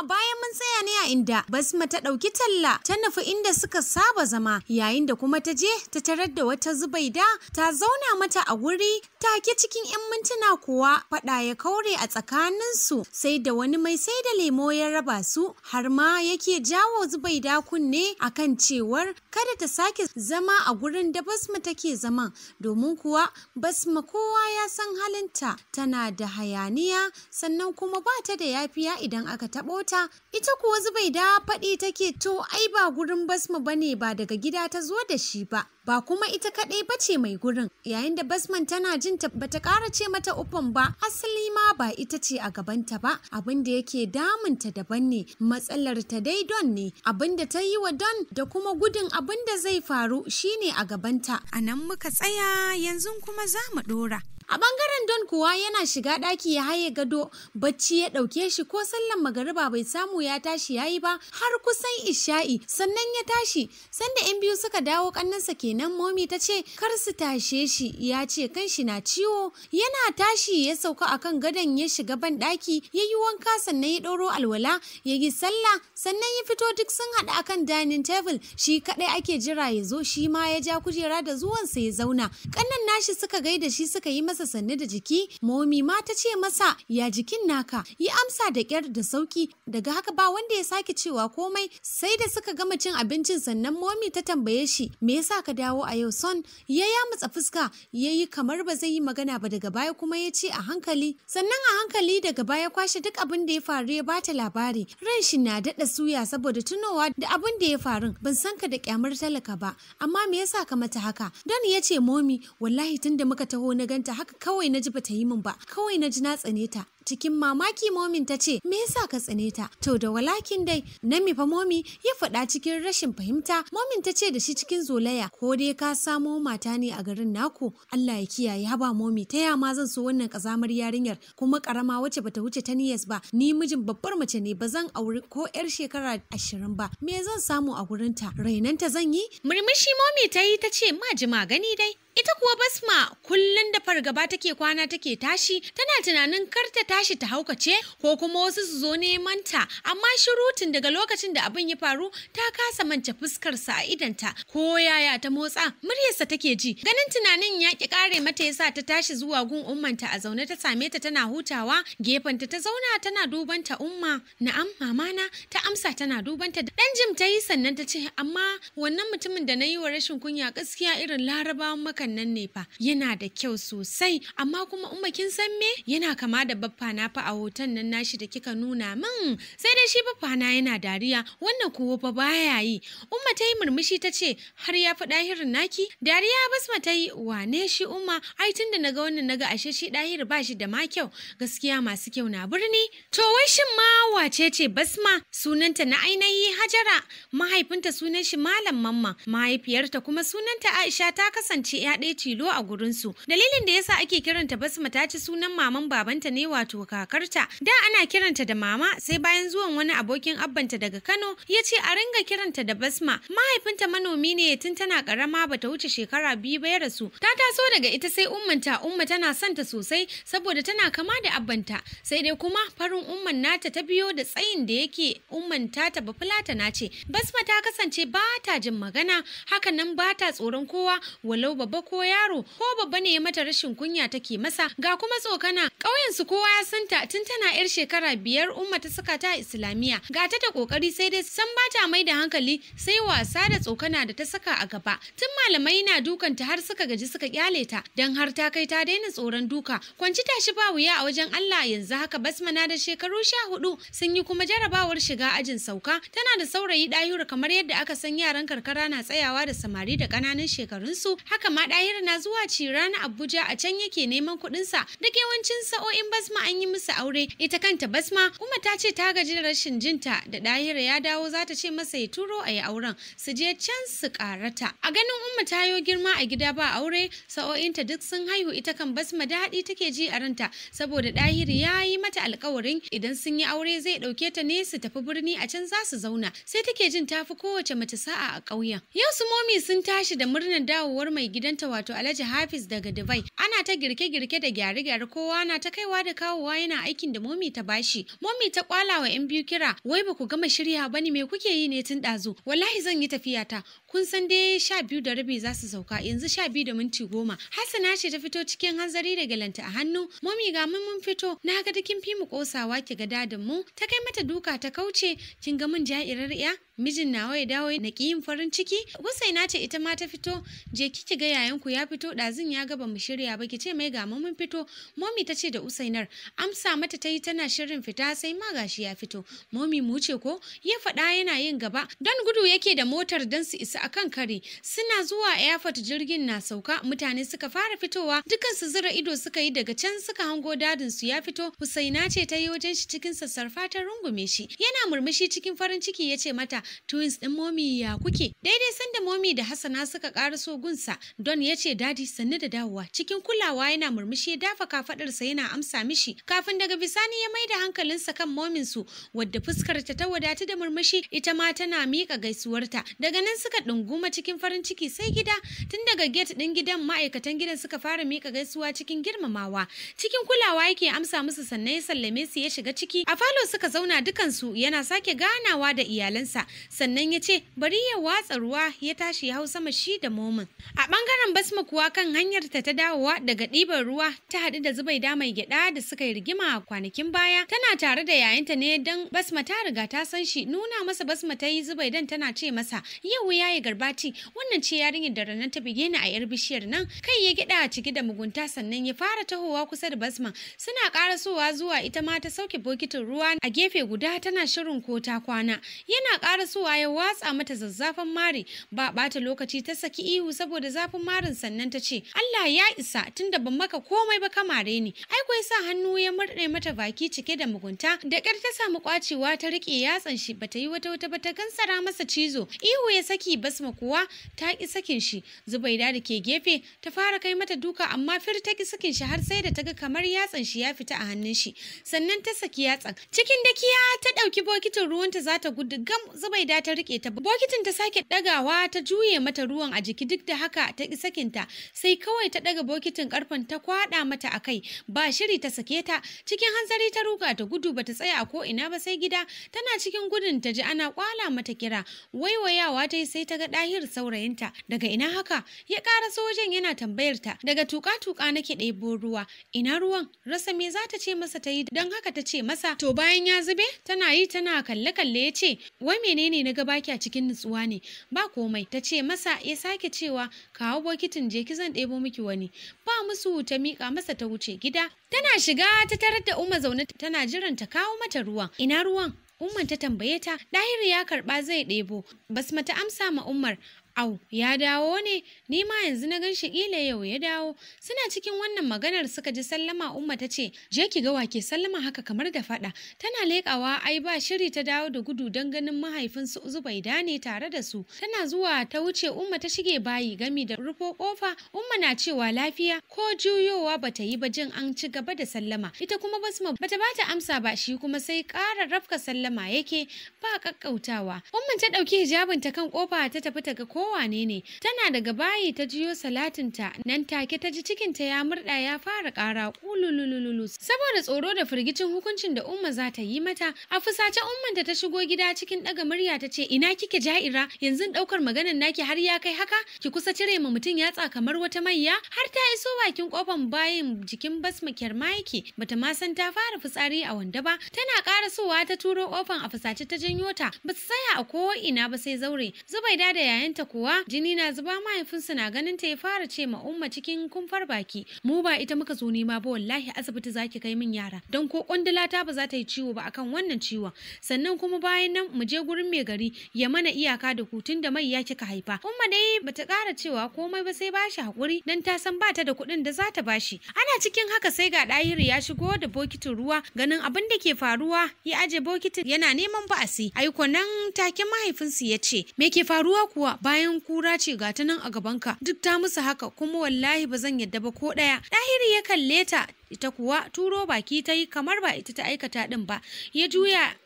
a bayan mun tsaya ne a inda basma ta ɗauki talla ta nufi inda suka saba zama yayin da kuma ta je ta tarar da wata zubaida ta zauna mata a wuri ta take cikin 'yan mintuna kuwa faɗa ya kaure a tsakaninsu sai da wani mai sai da lemo ya raba su har ma yake jawo zubaida kunne akan cewar kada ta sake zama a gurin da basma take zama, domin kuwa basma kowa ya san halinta tana da hayaniya sannan kuma ba ta da yafiya idan aka taɓo mata ita kuwa zubai da faɗi take to ai ba gurin basma bane ba daga gida ta zo da shi ba ba kuma ita kaɗai ba ce mai gurin yayin da basman tana jin ta bata ƙara ce mata ufan ba asali ma ba ita ce a gabanta ba abin da yake damunta daban ne matsalar ta dai don ne abin da ta yi wa don da kuma gudun abin da zai faru shine a gabanta a nan muka tsaya yanzu kuma za mu ɗora A bangaren Don kuwa yana shiga ɗaki ya haye gado, bacci ya ɗauke shi ko sallan magariba bai samu ya tashi yayi ba har kusan isha'i sannan ya tashi sanda 'yan biyu suka dawo ƙannansa ke kenan momi ta ce kar su tashe shi ya ce shi na ciwo yana tashi ya sauka akan gadon ya shiga ban ɗaki ya yi wanka sannan ya ɗoro alwala ya yi sallah sannan ya fito duk sun haɗu akan dining table shi kaɗai ake jira ya zo shi ma ya ja kujera da zuwansa ya zauna kannan nashi suka gaida shi suka yi masa sannu da jiki momi ma ta ce masa ya jikin naka yi amsa da kyar da sauki daga haka ba wanda ya sake cewa komai sai da suka gama cin abincin sannan momi ta tambaye shi me yasa ka dawo a yau son ya ya matsa fuska ya yi kamar ba zai yi magana ba daga baya kuma ya ce a hankali sannan a hankali daga baya kwashe duk abin da ya faru ya bata labari ran shi na daɗa suya saboda tunowa da abin da ya faru ban san ka da kyamar talaka ba amma me yasa ka mata haka don ya ce momi wallahi tun da muka taho na ganta haka kawai na ji bata yi min ba kawai na ji na tsane ta cikin mamaki momin ta ce me yasa ka tsane ta to da walakin dai nami fa momi ya faɗa cikin rashin fahimta momin ta ce da shi cikin zolaya ko dai ka samo mata ne a garin naku Allah ya kiyaye haba momi ta yama zan so wannan kazamar yarinyar kuma karama wacce bata wuce ta niyas ba ni mijin babbar mace ne ba zan auri ko yar shekara ashirin ba me zan samu a gurinta rainanta zan yi murmushi momi ta yi ta ce ma jima gani dai Ita kuwa basma kullum da fargaba take kwana take tashi tana tunanin kar ta tashi ta haukace ko kuma wasu su zo neman ta amma shirutun daga lokacin da abin ya faru ta kasa mance fuskarsa a idanta ko yaya ta motsa muryarsa take ji ganin tunanin ya ki kare mata yasa ta tashi zuwa gun ummanta a zaune ta same ta tana hutawa gefenta ta zauna tana duban ta umma na'am mamana ta amsa tana duban ta dan jim ta yi sannan ta ce amma wannan mutumin da na yi wa rashin kunya gaskiya irin larabawan maka hakan nan ne fa yana da kyau sosai amma kuma umma kin san me yana kama da baffa na fa a hoton nan nashi da kika nuna min sai dai shi baffa na yana dariya wannan kuwa fa baya yi umma ta yi murmushi ta ce har ya fi ɗahirin naki dariya basma ta yi wane shi umma ai tunda naga wannan naga ashe shi dahir ba shi da ma kyau gaskiya masu kyau na birni to wai shin ma wace ce basma sunanta na ainihi hajara mahaifinta sunan shi malam mamma mahaifiyarta kuma sunanta aisha ta kasance ya ɗaya tilo a gurinsu. Dalilin da yasa ake kiranta Basma ta ci sunan maman babanta ne wato kakarta. Da ana kiranta da mama sai bayan zuwan wani abokin abbanta daga Kano ya ce a ringa kiranta da Basma. Mahaifinta manomi ne tun tana karama bata wuce shekara biyu ba ya rasu. Ta taso daga ita sai ummanta umma tana son ta sosai saboda tana kama da abbanta. Sai dai kuma farin umman nata ta biyo da tsayin da yake umman ta fulata na ce. Basma ta kasance ba ta jin magana hakan nan ba ta tsoron kowa walau babba ko yaro ko babba ne ya mata rashin kunya take masa ga kuma tsokana ƙauyen su kowa ya santa tun tana yar shekara biyar umma ta saka ta islamiyya ga ta da kokari sai dai san ba ta mai da hankali sai wasa da tsokana da ta saka a gaba tun malamai na dukanta har suka gaji suka kyale ta dan har ta kai ta daina tsoron duka kwanci ta shi ba wuya a wajen Allah yanzu haka basmana da shekaru sha hudu sun yi kuma jarabawar shiga ajin sauka tana da saurayi ɗahira kamar yadda aka san yaran karkara na tsayawa da samari da ƙananan shekarunsu haka ma Ɗahira na zuwa cira na Abuja a can yake neman kuɗinsa duk yawancin sa'o'in basma an yi musu aure ita kanta basma kuma ta ce ta gaji da rashin jinta da ɗahira ya dawo za ta ce masa ya turo a yi auren su je can su karata a ganin umma ta yo girma a gida ba aure sa'o'inta duk sun haihu ita kan basma daɗi take ji a ranta saboda ɗahiri ya yi mata alkawarin idan sun yi aure zai ɗauke ta ne su tafi birni a can za su zauna sai take jin tafi kowace mace sa'a a ƙauyen yau su momi sun tashi da murnar dawowar mai gidan babanta wato Alhaji Hafiz daga Dubai. Ana ta girke-girke da gyare-gyare kowa na ta kaiwa da kawowa yana aikin da momi ta bashi. Momi ta kwala wa yan biyu kira, wai ba ku gama shirya ba ne me kuke yi ne tun ɗazu. Wallahi zan yi tafiya ta. Kun san dai sha biyu da rabi za su sauka yanzu sha biyu da minti goma. Hassana ce ta fito cikin hanzari da galanta a hannu. Momi ga mun mun fito. Na ga da kin fi mu kosawa ki ga dadin mu. Ta kai mata duka ta kauce kin ga mun ja'irar ya mijin nawa ya dawo na ki yin farin ciki. Husaina ce ita ma ta fito je kiki ga yayan yayanku ya fito ɗazun ya gaba mu shirya ba ki ce mai gama mun fito momi ta ce da usainar amsa mata ta yi tana shirin fita sai ma gashi ya fito momi mu ce ko ya faɗa yana yin gaba don gudu yake da motar don su isa akan kare suna zuwa airport jirgin na sauka mutane suka fara fitowa dukan su zura ido suka yi daga can suka hango dadin su ya fito husaina ce ta yi wajen shi cikin sassarfa ta rungume shi yana murmushi cikin farin ciki ya ce mata twins din momi ya kuke daidai sanda momi da hasana suka ƙara so gunsa don Adam ya ce dadi sannu da dawowa cikin kulawa yana murmushi ya dafa kafadarsa yana amsa mishi kafin daga bisani ya maida hankalinsa kan momin su wadda fuskar ta ta wadatu da murmushi ita ma tana miƙa gaisuwarta daga nan suka ɗunguma cikin farin ciki sai gida tun daga gate ɗin gidan ma'aikatan gidan suka fara miƙa gaisuwa cikin girmamawa cikin kulawa yake amsa musu sannan ya sallame su ya shiga ciki a falo suka zauna dukansu yana sake ganawa da iyalansa sannan ya ce bari ya watsa ruwa ya tashi ya hau sama shi da momin a ɓangaren Maryam Basma kuwa kan hanyarta ta dawowa daga ɗiban ruwa ta haɗu da Zubaida mai gyaɗa da suka yi rigima a kwanakin baya. Tana tare da yayanta ne don Basma ta riga ta san shi nuna masa Basma ta yi Zubaidan tana ce masa yau ya yi garbati wannan ce yarinyar da ranar ta bige ni a yar bishiyar nan kai ya gyaɗa a ciki da mugunta sannan ya fara tahowa kusa da Basma suna ƙara ƙarasowa zuwa ita ma ta sauke bokitin ruwa a gefe guda tana shirin ko ta kwana yana ƙarasowa ya watsa mata zazzafan mari ba ɓata lokaci ta saki ihu saboda zafin marin sannan ta ce Allah ya isa tunda ban maka komai ba ka mare ni ai ko sa hannu ya murɗe mata baki cike da mugunta da ƙar ta samu kwacewa ta riƙe yatsan shi bata yi wata wata ba ta gansara masa cizo ihu ya saki basma kuwa ta ƙi sakin shi zubaida da ke gefe ta fara kai mata duka amma fir ta ƙi sakin shi har sai da ta ga kamar yatsan shi ya fita a hannun shi sannan ta saki yatsan cikin dakiya ta ɗauki bokitin ruwanta za ta gudu gam zubaida ta riƙe ta bokitin ta sake ɗagawa ta juye mata ruwan a jiki duk da haka ta ƙi sakinta sai kawai ta daga bokitin karfen ta kwada mata a kai ba shiri ta sake ta cikin hanzari ta ruga ta gudu bata tsaya a ko ina ba sai gida tana cikin gudun ta ji ana kwala mata kira waiwayawa ta yi sai ta ga dahir saurayinta daga ina haka ya ƙara sojan yana tambayar ta daga tuka tuka nake ɗebo ruwa ina ruwan rasa me za ta ce masa ta yi don haka ta ce masa to bayan ya zube tana yi tana kalle kalle ya ce wai menene na baki a cikin nutsuwa ne ba komai ta ce masa ya sake cewa kawo shigo kicin je ki zan ɗebo miki wani ba musu ta mika masa ta wuce gida tana shiga ta tarar da umma zaune tana jiran ta kawo mata ruwan ina ruwan Umman ta tambaye ta, Dahiru ya karɓa zai ɗebo, basma ta amsa ma Umar. Au, ya dawo ne, ni ma yanzu na gan shi ƙila yau ya dawo. Suna cikin wannan maganar suka ji sallama Umma ta ce, je ki ga wake sallama haka kamar da faɗa. Tana leƙawa ai ba shiri ta dawo da gudu don ganin mahaifinsu Zubaida ne tare da su. Tana zuwa ta wuce Umma ta shige bayi gami da rufo ƙofa. Umma na cewa lafiya ko juyowa bata yi ba jin an ci gaba da sallama. Ita kuma Basma bata ta amsa ba shi kuma sai ƙara rafka sallama yake ba ƙaƙƙautawa. Umma ta ɗauki hijabinta kan ƙofa ta tafi ta ga kowane ne tana daga bayi ta jiyo salatinta nan take ta ji cikinta ya murɗa ya fara ƙara ƙululululu saboda tsoro da firgicin hukuncin da umma za ta yi mata a fusace ummanta ta shigo gida cikin ɗaga murya ta ce ina kike ja'ira yanzu ɗaukar maganar naki har ya kai haka ki kusa cire ma mutum yatsa kamar wata mayya har ta iso bakin kofan bayin jikin basma kermaiki bata ma san ta fara fitsari a wanda ba tana kara sowa ta turo kofan a fusace ta janyo ta ba tsaya a ko ina ba sai zaure zubaida da yayanta kuwa jini na zuba mahaifinsu na ganin ta ya fara ce ma umma cikin kumfar baki mu ba ita muka zo nema ba wallahi asibiti zaki kai min yara don ko kundula ta ba za ta yi ciwo ba akan wannan ciwon sannan kuma bayan nan mu je gurin mai gari ya mana iyaka da hutun da mai ya kika haifa umma dai bata kara cewa komai ba sai bashi hakuri dan ta san bata da kuɗin da za ta bashi ana cikin haka sai ga ɗahiru ya shigo da bokitin ruwa ganin abin da ke faruwa ya aje bokitin yana neman ba'asi aiko nan take mahaifinsu ya ce me ke faruwa kuwa bayan kayan kura ce ga ta nan a gabanka duk ta musu haka kuma wallahi ba zan yadda ba ko ɗaya ɗahiri ya kalle ta ita kuwa turo baki ta yi kamar ba ita ta aikata ɗin ba ya juya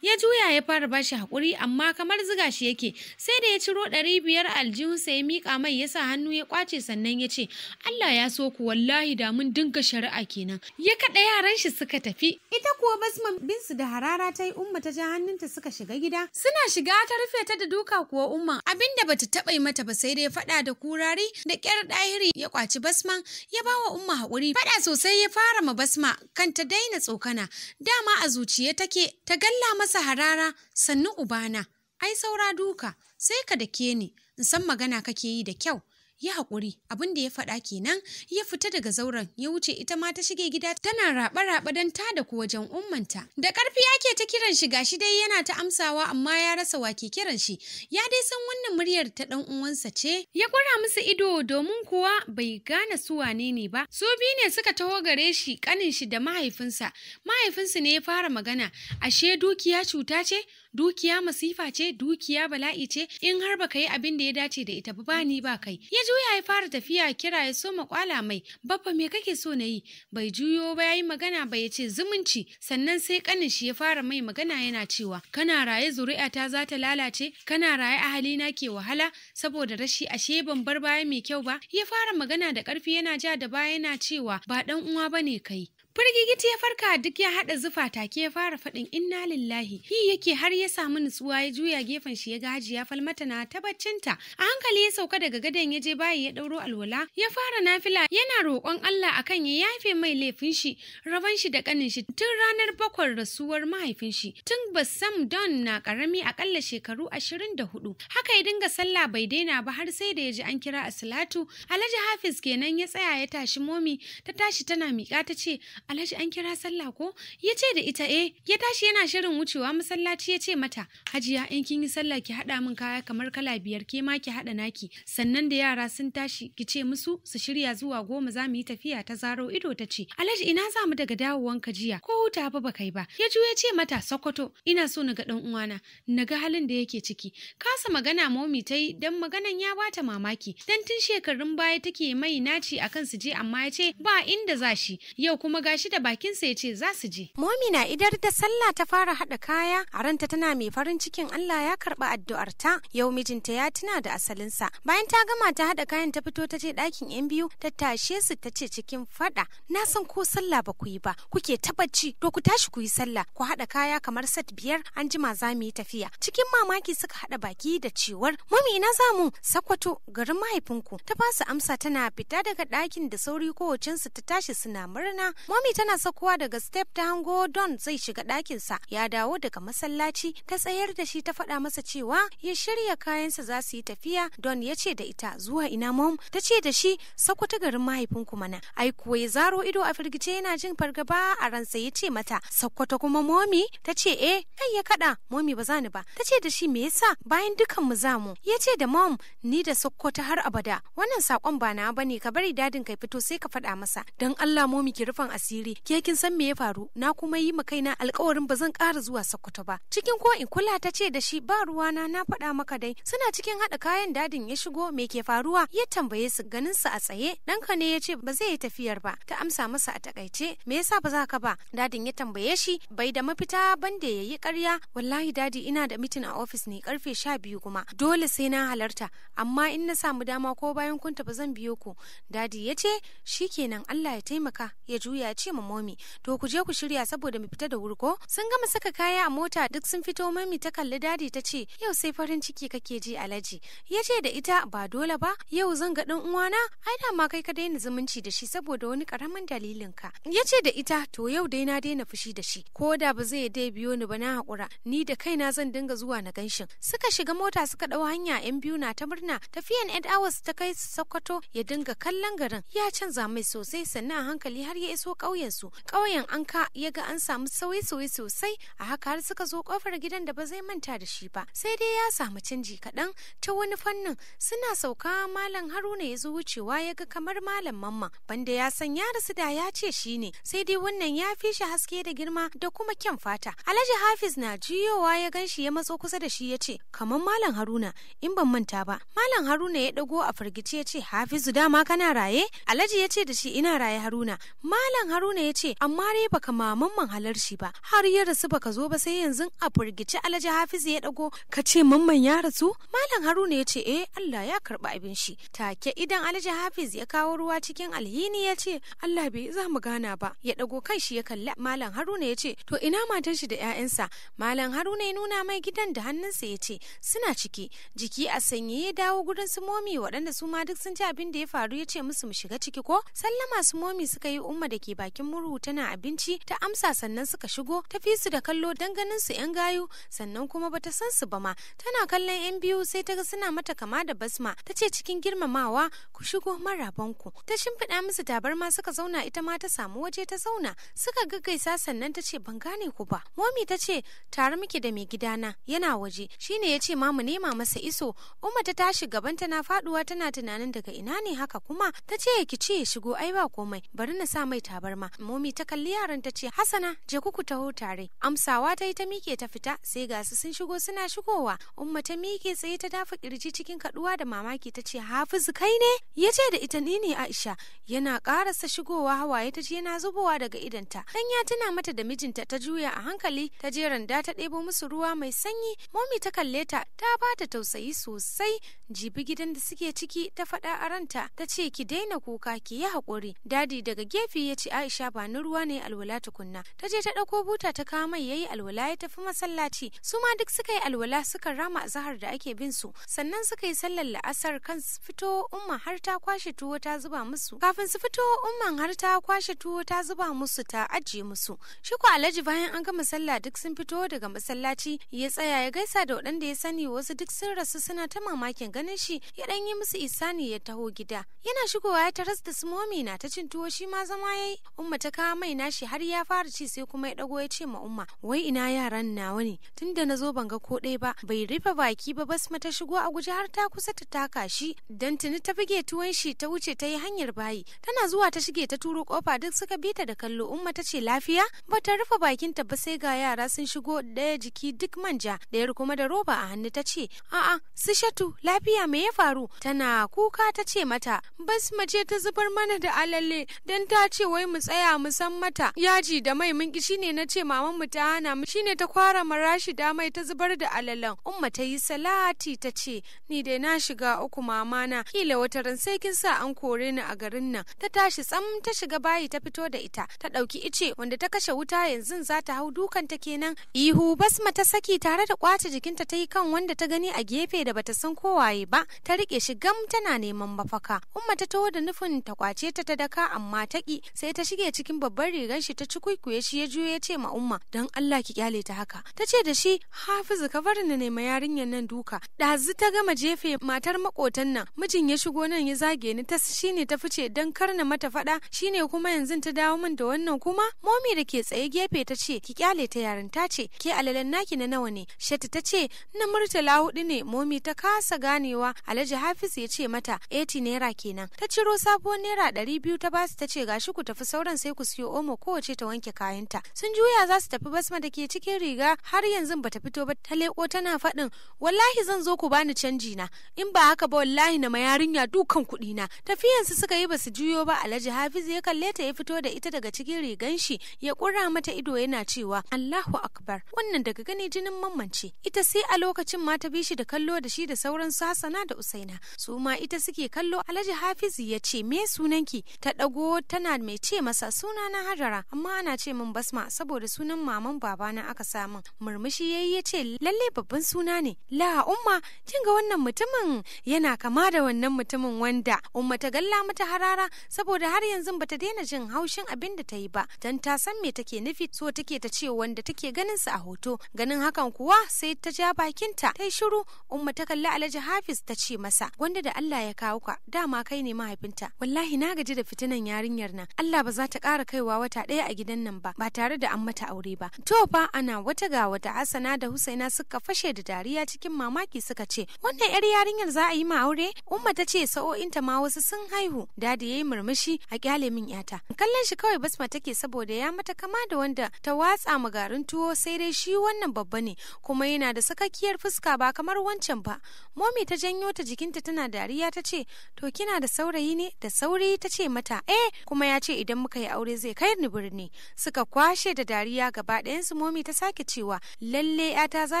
ya juya ya fara bashi hakuri amma kamar ziga shi yake sai da ya ciro ɗari biyar aljihun sai ya miƙa mai ya sa hannu ya kwace sannan ya ce Allah ya so ku wallahi da mun dinga shari'a kenan ya kaɗa yaran shi suka tafi ita kuwa basma bin da harara ta yi umma ta ja hannunta suka shiga gida suna shiga ta rufe ta da duka kuwa umma abinda bata taɓa yi mata ba sai dai faɗa da kurari da ƙyar ɗahiri ya kwaci basman ya ba wa umma hakuri. faɗa sosai ya fara ma basma kan ta daina tsokana dama a zuciya take ta galla masa harara sannu ubana, ai saura duka, sai ka da ke ni, in san magana kake yi da kyau, Yi hakuri, abin da ya faɗa kenan ya fita daga zauren ya wuce ita ma ta shige gida tana raɓa-raɓa don ta da ku wajen ummanta da ƙarfi yake ta kiran shi gashi dai yana ta amsawa amma ya rasa wake kiran shi ya dai san wannan muryar ta ɗan uwansa ce ya kura musu ido domin kuwa bai gane su wane ne ba su biyu ne suka taho gare shi ƙanin shi da mahaifinsa mahaifinsu ne ya fara magana ashe dukiya cuta ce dukiya masifa ce dukiya bala'i ce in har baka yi abin da ya dace da ita ba ni ba kai ya juya ya fara tafiya kira ya so makwala mai babba me kake so na yi bai juyo ba ya yi magana ba ya ce zumunci sannan sai kanin shi ya fara mai magana yana cewa kana raye zuri'ata za ta lalace kana raye na ke wahala saboda rashi ashe ban bar baya mai kyau ba ya fara magana da karfi yana ja da baya yana cewa ba dan uwa bane kai firgigiti ya farka duk ya haɗa zufa take ya fara faɗin inna lillahi hi yake har ya samu nutsuwa ya juya gefen shi ya gaji ya falmata na ta a hankali ya sauka daga gadon ya je bayi ya ɗauro alwala ya fara nafila yana roƙon Allah akan ya yafe mai laifin shi raban shi da ƙanin shi tun ranar bakwai rasuwar mahaifin shi tun Bassam Don na ƙarami aƙalla shekaru ashirin da hudu haka ya dinga sallah bai daina ba har sai da ya ji an kira a salatu Alhaji Hafiz kenan ya tsaya ya tashi momi ta tashi tana miƙa ta ce alhaji an kira sallah ko ya ce da ita eh ya tashi yana shirin wucewa masallaci ya ce mata hajiya in kin yi sallah ki haɗa min kaya kamar kala biyar ke ma ki haɗa naki sannan da yara sun tashi ki ce musu su shirya zuwa goma za mu yi tafiya ta zaro ido ta ce alhaji ina za mu daga dawowanka jiya ko huta ba baka yi ba ya juya ce mata sokoto ina so na ga ɗan uwana na ga halin da yake ciki kasa magana momi ta yi dan maganan ya bata mamaki dan tun shekarun baya take mai naci akan su je amma ya ce ba inda za shi yau kuma ga shi da bakinsa ya ce za su je. Momina idar da sallah ta fara haɗa kaya a ranta tana mai farin cikin Allah ya karɓi addu'arta yau mijinta ya tuna da asalinsa. Bayan ta gama ta haɗa kayan ta fito ta je ɗakin yan biyu ta tashe su ta ce cikin faɗa na san ko sallah ba ku yi ba kuke tabbaci to ku tashi ku yi sallah ku haɗa kaya kamar sat biyar an jima za mu yi tafiya. Cikin mamaki suka haɗa baki da cewar momina za mu sakwato garin mahaifinku ta fasa amsa tana fita daga ɗakin da sauri su ta tashi suna murna. Momi tana sakuwa daga step ta hango Don zai shiga ɗakinsa ya dawo daga masallaci ta tsayar da shi ta faɗa masa cewa ya shirya kayansa za su yi tafiya Don ya ce da ita zuwa ina mom ta ce da shi sako ta garin mahaifinku mana ai kuwa ya zaro ido a firgice yana jin fargaba a ransa ya ce mata sako kuma Momi ta ce eh kai ya kaɗa Momi ba za ni ba ta ce da shi me yasa bayan dukan mu za mu ya ce da mom ni da sako har abada wannan sakon ba na bane ka bari dadin kai fito sai ka faɗa masa don Allah Momi ki rufan asiri asiri ke kin san me ya faru na kuma yi ma kaina alkawarin ba zan ƙara zuwa Sokoto ba cikin ko in kula ta ce da shi ba ruwa na na faɗa maka dai suna cikin haɗa kayan dadin ya shigo me ke faruwa ya tambaye su ganin su a tsaye ɗanka ne ya ce ba zai yi tafiyar ba ta amsa masa a takaice me yasa ba za ka ba dadin ya tambaye shi bai da mafita banda ya yi ƙarya wallahi dadi ina da mitin a ofis ne karfe sha biyu kuma dole sai na halarta amma in na samu dama ko bayan kunta ba zan biyo ku dadi ya ce shikenan Allah ya taimaka ya juya ce ce ma momi to ku je ku shirya saboda mu fita da wuri ko sun gama saka kaya a mota duk sun fito momi ta kalli dadi ta ce yau sai farin ciki kake ji alaji ya ce da ita ba dole ba yau zan ga dan uwana ai da ma kai ka daina zumunci da shi saboda wani karamin dalilin ka ya ce da ita to yau dai na daina fushi da shi ko da ba zai dai biyo ni ba na hakura ni da kaina zan dinga zuwa na ganshin suka shiga mota suka dau hanya yan biyu na ta murna tafiyan 8 hours ta kai Sokoto ya dinga kallon garin ya canza mai sosai sannan hankali har ya iso ƙauyensu ƙauyen an ka ya ga an samu sauye-sauye sosai a haka har suka zo ƙofar gidan da ba zai manta da shi ba sai dai ya samu canji kaɗan ta wani fannin suna sauka malam haruna ya zo wucewa ya ga kamar malam mamma banda ya san ya rasu da ya ce shi ne sai dai wannan ya fi shi haske da girma da kuma kyan fata alhaji hafiz na jiyowa ya gan shi ya matso kusa da shi ya ce kamar malam haruna in ban manta ba malam haruna ya ɗago a firgice ya ce hafizu dama kana raye alhaji ya ce da shi ina raye haruna malam haruna ya ce amma dai baka mamman halarci ba har ya rasu baka zo ba sai yanzu a firgici alhaji hafizu ya dago ka ce mamman ya rasu malam haruna ya ce eh allah ya karba abin shi take idan alhaji hafiz ya kawo ruwa cikin alhini ya ce allah bai za mu gana ba ya dago kai shi ya kalla malam haruna ya ce to ina matar shi da 'ya'yansa malam haruna ya nuna mai gidan da hannunsa ya ce suna ciki jiki a sanye ya dawo gurin su momi waɗanda su ma duk sun ji abin da ya faru ya ce musu mu shiga ciki ko sallama su momi suka yi umma da ke ba bakin murhu tana abinci ta amsa sannan suka shigo ta fi su da kallo dan ganin su yan gayu sannan kuma bata san su ba ma tana kallon yan biyu sai ta ga suna mata kama da basma ta ce cikin girmamawa ku shigo marabanku ta shimfiɗa musu tabarma suka zauna ita ma ta samu waje ta zauna suka gaggaisa sannan ta ce ban gane ku ba momi ta ce tare muke da mai gidana yana waje shine ya ce mamu nema masa iso umma ta tashi gaban tana faduwa tana tunanin daga ina ne haka kuma ta ce ki ce ya shigo ai ba komai bari na sa mai tabarma ma momi ta kalli yaran ta ce hasana je ku taho tare amsawa ta yi ta mike ta fita sai ga su sun shigo suna shigowa umma ta mike tsaye ta dafa kirji cikin kaduwa da mamaki ta ce hafizu kai ne ya ce da ita ni ne aisha yana karasa shigowa hawaye ta ce yana zubowa daga idanta dan ya tuna mata da mijinta ta juya a hankali ta je randa ta ɗebo musu ruwa mai sanyi momi ta kalle ta ta bata tausayi sosai jibi gidan da suke ciki ta faɗa a ranta ta ce ki daina kuka ki yi haƙuri dadi daga gefe ya ce aisha ba ni ruwa ne alwala tukunna ta je ta ɗauko buta ta kawo mai yayi alwala ya tafi masallaci su ma duk suka yi alwala suka rama a zahar da ake bin su sannan suka yi sallar la'asar kan su fito umma har ta kwashe tuwo ta zuba musu kafin su fito umman har ta kwashe tuwo ta zuba musu ta ajiye musu shi ko alhaji bayan an gama sallah duk sun fito daga masallaci ya tsaya ya gaisa da waɗanda ya sani wasu duk sun rasu suna ta mamakin ganin shi ya dan yi musu isani ya taho gida yana shigowa ya taras da su momi na ta cin tuwo shi ma zama yayi umma ta kawo mai nashi har ya fara ci sai kuma ya dago ya ce ma umma wai ina yaran nawa ne tunda na zo ban ga ko ɗaya ba bai rufe baki ba ma ta shigo a guje har ta kusa ta taka shi dan tuni ta buge tuwon shi ta wuce ta yi hanyar bayi tana zuwa ta shige ta turo kofa duk suka bi ta da kallo umma ta ce lafiya ba ta rufe bakinta ba sai ga yara sun shigo ɗaya jiki duk manja ɗayar kuma da roba a hannu ta ce a'a su shatu lafiya lafiya me ya faru tana kuka ta ce mata basma ce ta zubar mana da alalle dan ta ce wai mu tsaya mu san mata yaji da mai mun ki shine na ce maman mu ta hana mu shine ta kwara marashi da mai ta zubar da alalan umma ta yi salati ta ce ni dai na shiga uku mama na kila wata ran sai kin sa an kore ni a garin nan ta tashi tsam ta shiga bayi ta fito da ita ta dauki ice wanda ta kashe wuta yanzu za ta hau dukan ta kenan ihu basma ta saki tare da kwace jikinta ta yi kan wanda ta gani a gefe da bata san kowaye bai ba ta rike shi gam tana neman mafaka umma ta taho da nufin ta kwace ta ta daka amma ta ki sai ta shige cikin babban rigar shi ta kuikuye shi ya juyo ya ce ma umma dan Allah ki kyale ta haka ta ce da shi hafizu ka ni ne ma yarinyar nan duka ɗazu ta gama jefe matar makotan nan mijin ya shigo nan ya zage ni ta shine ta fice don na mata faɗa shine kuma yanzu ta dawo min da wannan kuma momi da ke tsaye gefe ta ce ki kyale ta yarin ta ce ke alalan naki na nawa ne shata ta ce na murtala hudu ne momi ta kasa gane ganewa Alhaji Hafiz ya ce mata 80 naira kenan. Ta ciro sabuwar naira ɗari biyu ta basu ta ce gashi ku tafi sauran sai ku siyo omo kowace ta wanke kayanta. Sun juya za su tafi basma da ke cikin riga har yanzu ba ta fito ba ta leko tana faɗin wallahi zan zo ku bani canji na in ba haka ba wallahi na mayarinya dukan kuɗi na. Tafiyansu suka yi basu juyo ba Alhaji Hafiz ya kalle ta ya fito da ita daga cikin rigan shi ya kura mata ido yana cewa Allahu Akbar wannan daga gani jinin mamman ce. ita sai a lokacin ma ta bi shi da kallo da shi da sauran su Hassana da Usaina su ma ita suke kallo Alhaji Hafizu ya ce me sunanki ta dago tana mai ce masa suna na Hajara amma ana ce min Basma saboda sunan maman babana aka samu murmushi yayi ya ce lalle babban suna ne la umma kin ga wannan mutumin yana kama da wannan mutumin wanda umma ta galla mata harara saboda har yanzu bata daina jin haushin abin da ta yi ba dan ta san me take nufi so take ta ce wanda take ganin sa a hoto ganin hakan kuwa sai ta ja bakinta ta yi shiru umma ta kalli Alhaji Hafizu Hafiz ta ce masa wanda da Allah ya kawo ka dama kai ne mahaifinta wallahi na gaji da fitinan yarinyar nan Allah ba za ta ƙara kaiwa wata ɗaya a gidan nan ba ba tare da an mata aure ba to fa ana wata ga wata Hassana da Husaina suka fashe da dariya cikin mamaki suka ce wannan yar yarinyar za a yi ma aure Umma ta ce sa'o'inta ma wasu sun haihu dadi yayi murmushi a kyale min yata kallon shi kawai basma take saboda ya mata kama da wanda ta watsa mu garin tuwo sai dai shi wannan babba ne kuma yana da sakakkiyar fuska ba kamar wancan ba momi ta ta janyo ta jikinta tana dariya ta ce to kina da saurayi ne da sauri ta ce mata eh kuma ya ce idan muka yi aure zai kai ni birni suka kwashe da dariya gaba ɗayan momi ta sake cewa lalle yata za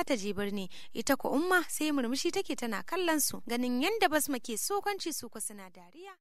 ta je birni ita ko umma sai murmushi take tana kallon su ganin yanda basma ke sokanci su ko suna dariya